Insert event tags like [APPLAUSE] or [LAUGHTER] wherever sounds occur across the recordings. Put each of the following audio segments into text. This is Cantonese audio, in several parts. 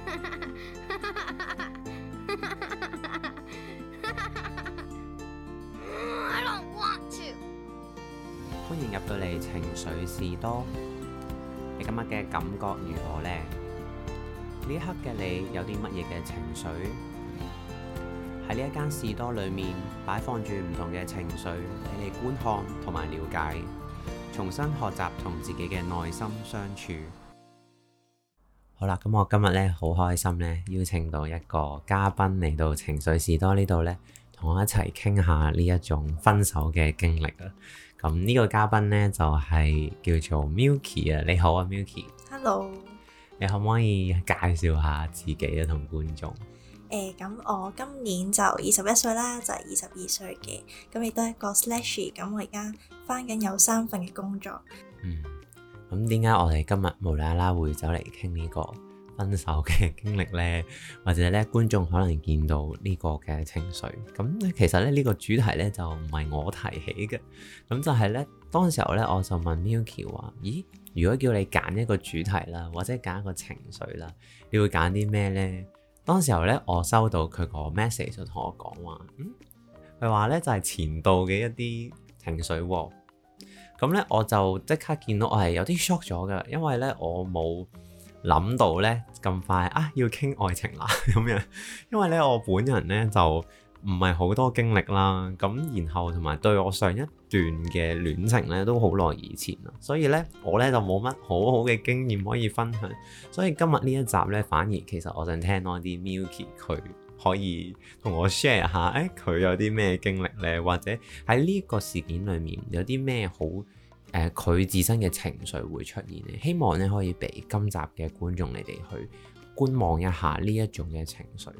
[LAUGHS] I don't want 歡迎入到嚟情緒士多，你今日嘅感覺如何呢？呢一刻嘅你有啲乜嘢嘅情緒？喺呢一間士多裏面擺放住唔同嘅情緒，畀你觀看同埋了解，重新學習同自己嘅內心相處。好啦，咁我今日咧好開心咧，邀請到一個嘉賓嚟到情緒士多呢度咧，同我一齊傾下呢一種分手嘅經歷啦。咁呢個嘉賓咧就係、是、叫做 Milky 啊，你好啊 Milky，Hello。你可唔可以介紹下自己啊，同觀眾？誒、呃，咁我今年就二十一歲啦，就二十二歲嘅，咁亦都係一個 slash，咁我而家翻緊有三份嘅工作。嗯。咁點解我哋今日無啦啦會走嚟傾呢個分手嘅經歷咧？或者咧觀眾可能見到呢個嘅情緒。咁其實咧呢個主題咧就唔係我提起嘅。咁就係咧當時候咧我就問 Milky 話：咦，如果叫你揀一個主題啦，或者揀一個情緒啦，你會揀啲咩咧？當時候咧我收到佢個 message 就同我講話，嗯，佢話咧就係前度嘅一啲情緒喎。咁咧，我就即刻見到我係有啲 shock 咗㗎啦，因為咧我冇諗到咧咁快啊要傾愛情啦咁樣，因為咧我本人咧就唔係好多經歷啦，咁然後同埋對我上一段嘅戀情咧都好耐以前啦，所以咧我咧就冇乜好好嘅經驗可以分享，所以今日呢一集咧反而其實我想聽多啲 Milky 佢。可以同我 share 下佢、欸、有啲咩經歷呢？或者喺呢個事件裏面有啲咩好誒，佢、呃、自身嘅情緒會出現呢？希望咧可以俾今集嘅觀眾你哋去觀望一下呢一種嘅情緒。咁、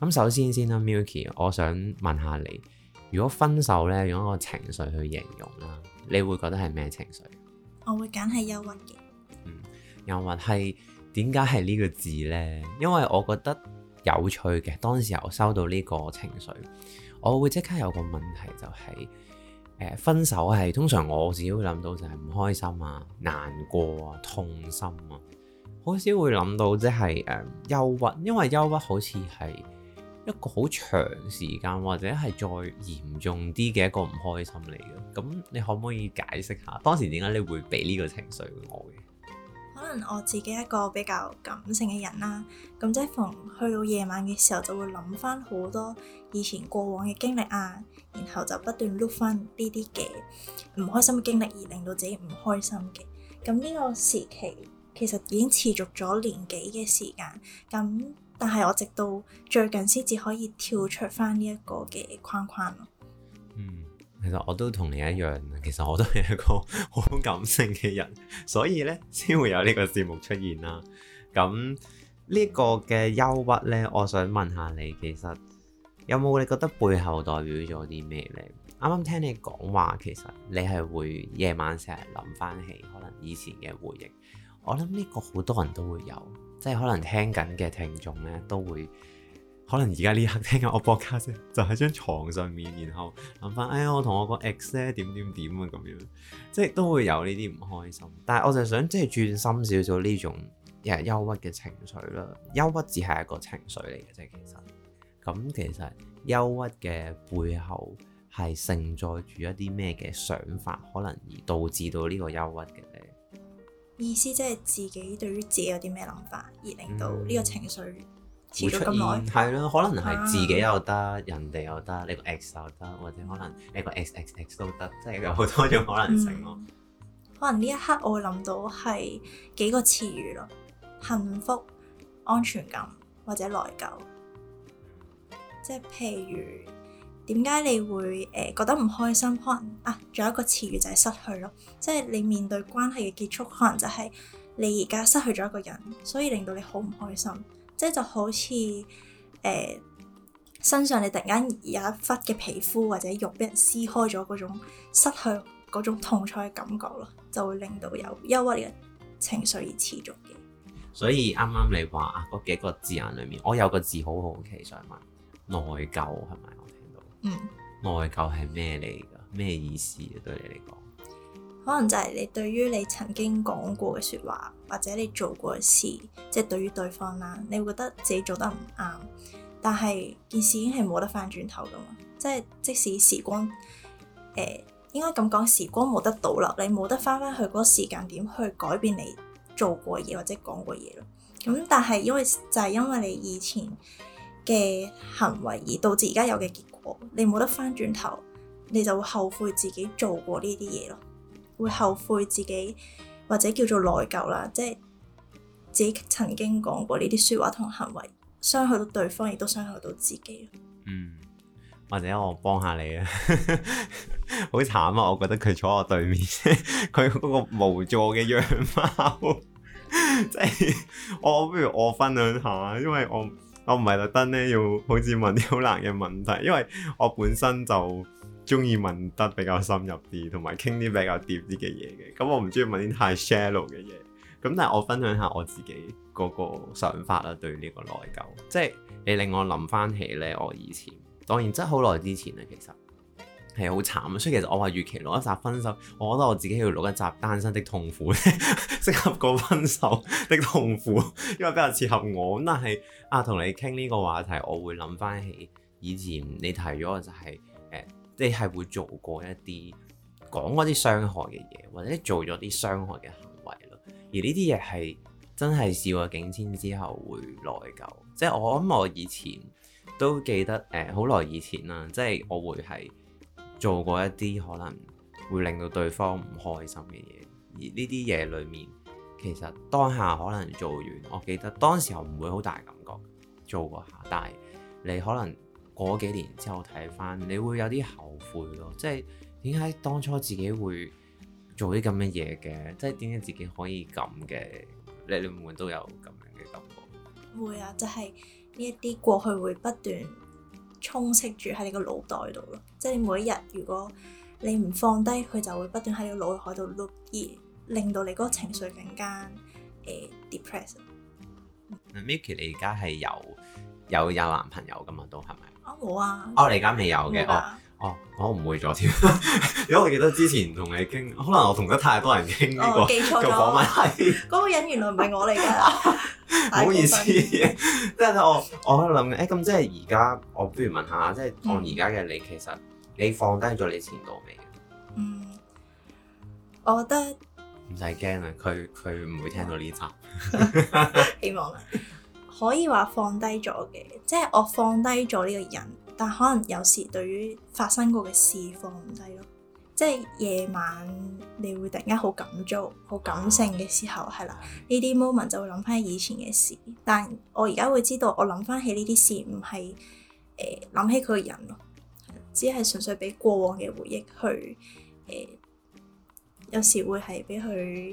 嗯、首先先啦，Milky，我想問下你，如果分手呢，用一個情緒去形容啦，你會覺得係咩情緒？我會揀係憂鬱嘅。又、嗯、或係點解係呢個字呢？因為我覺得有趣嘅，當時我收到呢個情緒，我會即刻有個問題，就係、是、誒、呃、分手係通常我自己會諗到就係唔開心啊、難過啊、痛心啊，好少會諗到即係誒憂鬱，因為憂鬱好似係一個好長時間或者係再嚴重啲嘅一個唔開心嚟嘅。咁你可唔可以解釋下當時點解你會俾呢個情緒我嘅？可能我自己一個比較感性嘅人啦，啊，咁即逢去到夜晚嘅時候，就會諗翻好多以前過往嘅經歷啊，然後就不斷 look 翻呢啲嘅唔開心嘅經歷，而令到自己唔開心嘅。咁呢個時期其實已經持續咗年幾嘅時間，咁但係我直到最近先至可以跳出翻呢一個嘅框框咯。嗯。其實我都同你一樣，其實我都係一個好感性嘅人，所以呢先會有呢個節目出現啦。咁呢個嘅憂鬱呢，我想問下你，其實有冇你覺得背後代表咗啲咩呢？啱啱聽你講話，其實你係會夜晚成日諗翻起可能以前嘅回憶。我諗呢個好多人都會有，即係可能聽緊嘅聽眾呢都會。可能而家呢刻，聽緊我播卡啫就喺張床上面，然後諗翻，哎呀，我同我個 ex 點點點啊咁樣，即係都會有呢啲唔開心。但係我就想即係轉心少少呢種誒憂鬱嘅情緒啦。憂鬱只係一個情緒嚟嘅啫，其實。咁其實憂鬱嘅背後係承載住一啲咩嘅想法，可能而導致到呢個憂鬱嘅咧。意思即係自己對於自己有啲咩諗法，而令到呢個情緒、嗯？會出現係咯， [MUSIC] 可能係自己又得，啊、人哋又得，你個 X 又得，或者可能你個 X X X 都得，即係有好多種可能性咯、嗯。可能呢一刻我會諗到係幾個詞語咯，幸福、安全感或者內疚，即係譬如點解你會誒、呃、覺得唔開心？可能啊，仲有一個詞語就係失去咯，即係你面對關係嘅結束，可能就係你而家失去咗一個人，所以令到你好唔開心。即係就好似誒、呃，身上你突然間有一忽嘅皮膚或者肉俾人撕開咗，嗰種失去嗰種痛楚嘅感覺咯，就會令到有憂鬱嘅情緒而持續嘅。所以啱啱你話嗰幾個字眼裏面，我有個字好好奇，想問，內疚係咪？我聽到，嗯，內疚係咩嚟噶？咩意思啊？對你嚟講？可能就係你對於你曾經講過嘅説話，或者你做過嘅事，即係對於對方啦，你會覺得自己做得唔啱，但係件事已經係冇得翻轉頭噶嘛。即係即使時光誒、呃，應該咁講，時光冇得倒流，你冇得翻翻去嗰個時間點去改變你做過嘢或者講過嘢咯。咁但係因為就係因為你以前嘅行為而導致而家有嘅結果，你冇得翻轉頭，你就會後悔自己做過呢啲嘢咯。會後悔自己或者叫做內疚啦，即係自己曾經講過呢啲說話同行為，傷害到對方，亦都傷害到自己。嗯，或者我幫下你啊， [LAUGHS] 好慘啊！我覺得佢坐我對面，佢 [LAUGHS] 嗰個無助嘅樣貌。即 [LAUGHS] 係、就是、我，我不如我分享下，因為我我唔係特登咧，要好似問啲好難嘅問題，因為我本身就。中意問得比較深入啲，同埋傾啲比較疊啲嘅嘢嘅。咁、嗯、我唔中意問啲太 shallow 嘅嘢。咁、嗯、但係我分享下我自己嗰個想法啦。對呢個內疚，即係你令我諗翻起咧，我以前當然真係好耐之前啦，其實係好慘。所以其實我話預期錄一集分手，我覺得我自己要錄一集單身的痛苦， [LAUGHS] 適合過分手的痛苦，因為比較適合我。但係啊，同你傾呢個話題，我會諗翻起以前你提咗嘅就係、是。你係會做過一啲講嗰啲傷害嘅嘢，或者做咗啲傷害嘅行為囉。而呢啲嘢係真係事過境遷之後會內疚。即係我諗，我以前都記得誒，好、呃、耐以前啦。即、就、係、是、我會係做過一啲可能會令到對方唔開心嘅嘢。而呢啲嘢裡面，其實當下可能做完，我記得當時候唔會好大感覺做過下，但係你可能。嗰幾年之後睇翻，你會有啲後悔咯，即係點解當初自己會做啲咁嘅嘢嘅？即係點解自己可以咁嘅？你你會唔會都有咁樣嘅感覺？會啊，就係呢一啲過去會不斷充斥住喺你個腦袋度咯。即係你每一日，如果你唔放低佢，就會不斷喺你腦海度 loop 而令到你嗰個情緒更加誒、呃、depressed。Milky 你而家係有有有男朋友噶嘛？都係咪？我啊，我而家未有嘅，有啊、哦哦，我唔會咗添，如 [LAUGHS] 果我記得之前同你傾，可能我同得太多人傾呢、這個、哦，記錯咗。嗰個， [LAUGHS] 個人原來唔係我嚟噶，唔、啊、好意思。 [LAUGHS] 欸、即係我我喺度諗，誒咁即係而家，我不如問下，即係按而家嘅你，嗯、其實你放低咗你前度未？嗯，我覺得唔使驚啊，佢佢唔會聽到呢集， [LAUGHS] [LAUGHS] 希望啦。可以話放低咗嘅，即係我放低咗呢個人，但可能有時對於發生過嘅事放唔低咯。即係夜晚你會突然間好感觸、好感性嘅時候，係啦，呢啲 moment 就會諗翻以前嘅事。但我而家會知道我，我諗翻起呢啲事唔係誒諗起佢嘅人咯，只係純粹俾過往嘅回憶去誒、呃，有時會係俾佢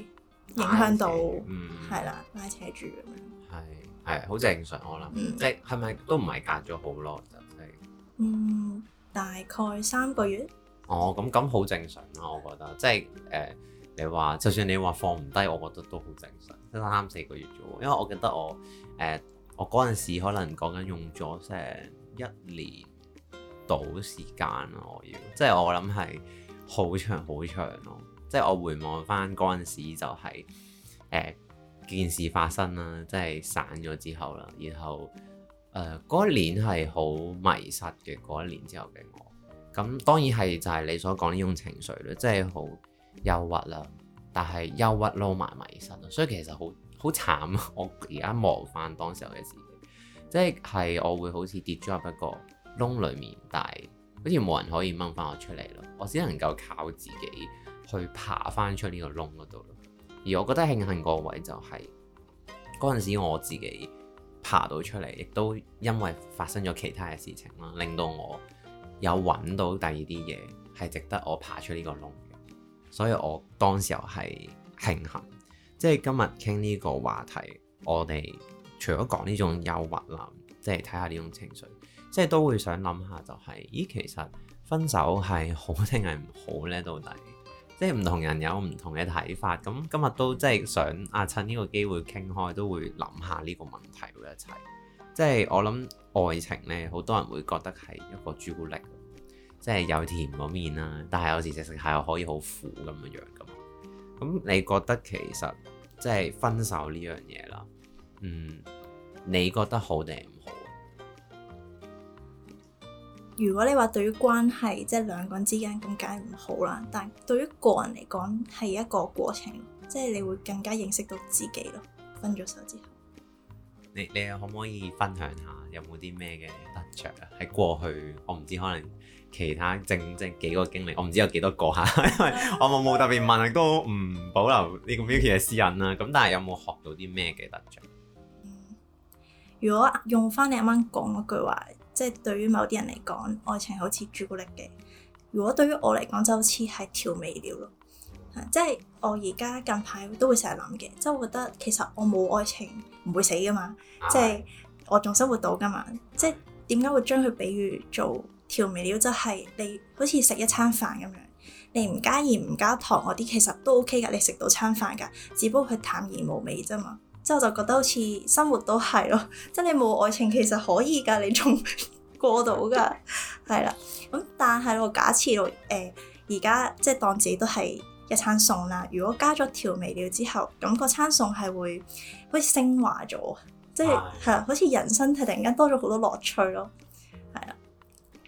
影響到，係啦、嗯，拉扯住咁樣。係好正常，我諗，你係咪都唔係隔咗好耐就係、是？嗯，大概三個月。哦，咁咁好正常啦、啊，我覺得，即係誒、呃，你話就算你話放唔低，我覺得都好正常，三四個月啫喎。因為我記得我誒、呃，我嗰陣時可能講緊用咗成一年到時間咯，我要，即係我諗係好長好長咯、啊。即係我回望翻嗰陣時就係、是、誒。呃件事發生啦，即係散咗之後啦，然後誒嗰、呃、一年係好迷失嘅，嗰一年之後嘅我，咁當然係就係你所講呢種情緒咯，即係好憂鬱啦，但係憂鬱撈埋迷失，所以其實好好慘，我而家望翻當時候嘅自己，即係係我會好似跌咗入一個窿裡面，但係好似冇人可以掹翻我出嚟咯，我只能夠靠自己去爬翻出呢個窿嗰度咯。而我覺得慶幸個位就係嗰陣時我自己爬到出嚟，亦都因為發生咗其他嘅事情啦，令到我有揾到第二啲嘢係值得我爬出呢個窿。所以我當時候係慶幸，即係今日傾呢個話題，我哋除咗講呢種憂鬱啦，即係睇下呢種情緒，即係都會想諗下，就係，就係咦，其實分手係好定係唔好呢？到底？即係唔同人有唔同嘅睇法，咁今日都即係想啊趁呢個機會傾開，都會諗下呢個問題會一齊。即係我諗愛情呢，好多人會覺得係一個朱古力，即係有甜嗰面啦，但係有時食食下又可以好苦咁樣樣。咁你覺得其實即係分手呢樣嘢啦，嗯，你覺得好定唔好？如果你話對於關係即係、就是、兩個人之間咁梗係唔好啦，但係對於個人嚟講係一個過程，即係你會更加認識到自己咯。分咗手之後，你你可唔可以分享下有冇啲咩嘅得着啊？喺過去我唔知可能其他正正係幾個經歷，我唔知有幾多個吓， [LAUGHS] 因為我冇特別問， [LAUGHS] 都唔保留呢個 Milky 嘅私隱啦。咁但係有冇學到啲咩嘅得着？如果用翻你啱啱講嗰句話。即係對於某啲人嚟講，愛情好似朱古力嘅。如果對於我嚟講，就好似係調味料咯。嚇，即係我而家近排都會成日諗嘅，即係我覺得其實我冇愛情唔會死噶嘛，即係我仲生活到噶嘛。即係點解會將佢比喻做調味料？就係、是、你好似食一餐飯咁樣，你唔加鹽唔加糖嗰啲，其實都 OK 噶，你食到餐飯噶，只不過佢淡而無味啫嘛。之後就覺得好似生活都係咯，即係你冇愛情其實可以㗎，你仲過到㗎，係啦。咁但係我假設到而家即係當自己都係一餐餸啦，如果加咗調味料之後，咁個餐餸係會好似升華咗，即係係啊，好似人生係突然間多咗好多樂趣咯，係啊。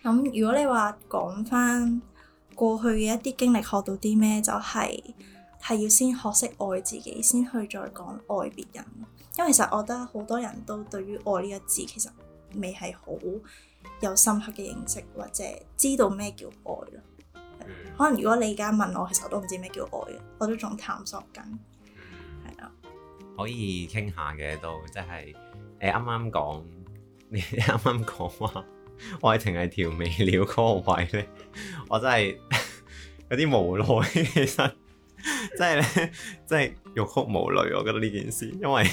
咁如果你話講返過去嘅一啲經歷學到啲咩，就係，就係。係要先學識愛自己，先去再講愛別人。因為其實我覺得好多人都對於愛呢個字其實未係好有深刻嘅認識，或者知道咩叫愛咯。嗯、可能如果你而家問我，其實我都唔知咩叫愛，我都仲探索緊。係啊，可以傾下嘅都即係誒，啱啱講你啱啱講話愛情係調味料嗰個位咧，我真係有啲無奈其實。 [LAUGHS] 即係咧，即係 [LAUGHS] 欲哭無淚，我覺得呢件事，因為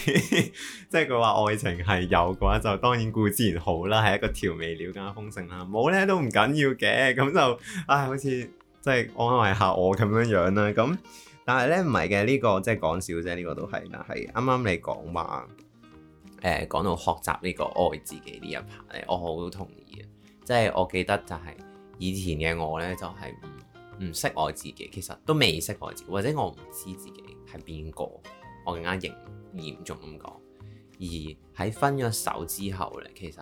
[LAUGHS] 即係佢話愛情係有嘅話，就當然固之然好啦，係一個調味料更加豐盛啦。冇咧都唔緊要嘅，咁就唉，好似即係安慰下我咁樣樣啦。咁但係咧唔係嘅呢、這個，即係講笑啫，呢、這個都係。但係啱啱你講話誒，講、呃、到學習呢個愛自己呢一排，我好同意啊。即、就、係、是、我記得就係以前嘅我咧，就係、是。唔識我自己，其實都未識我自己，或者我唔知自己係邊個，我更加嚴嚴重咁講。而喺分咗手之後咧，其實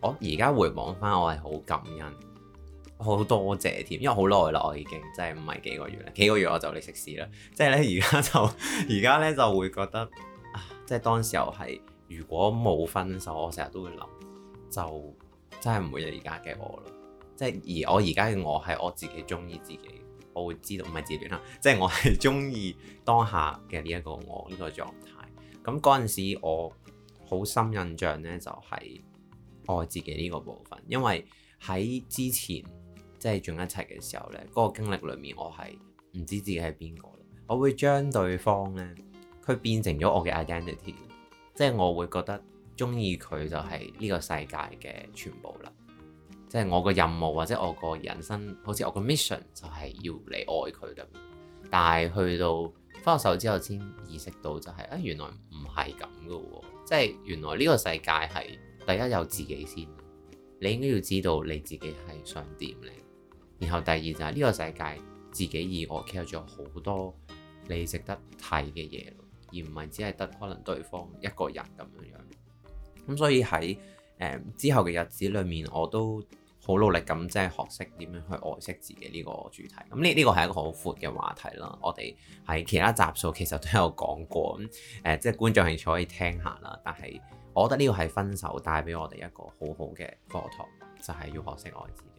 我而家回望翻，我係好感恩，好多謝添，因為好耐啦，我已經真係唔係幾個月啦，幾個月我就嚟食屎啦。即係咧，而家就而家咧就會覺得啊，即係當時候係如果冇分手，我成日都會諗，就真係唔會有而家嘅我啦。即係而我而家嘅我係我自己中意自己，我會知道唔係自戀啦，即係我係中意當下嘅呢一個我呢個狀態。咁嗰陣時我好深印象呢，就係愛自己呢個部分，因為喺之前即係仲一齊嘅時候呢，嗰個經歷裏面我係唔知自己係邊個。我會將對方呢，佢變成咗我嘅 identity，即係我會覺得中意佢就係呢個世界嘅全部啦。即係我個任務或者我個人生，好似我個 mission 就係要你愛佢咁。但係去到分手之後，先意識到就係、是、啊、哎，原來唔係咁噶喎。即係原來呢個世界係第一有自己先，你應該要知道你自己係想點咧。然後第二就係呢個世界自己以外，其實仲有好多你值得睇嘅嘢，而唔係只係得可能對方一個人咁樣樣。咁所以喺誒、嗯、之後嘅日子裏面，我都，好努力咁，即係學識點樣去愛惜自己呢、這個主題。咁呢呢個係、這個、一個好闊嘅話題啦。我哋喺其他集數其實都有講過。咁、嗯、誒、呃，即係觀眾興趣可以聽下啦。但係，我覺得呢個係分手帶俾我哋一個好好嘅課堂，就係、是、要學識愛自己。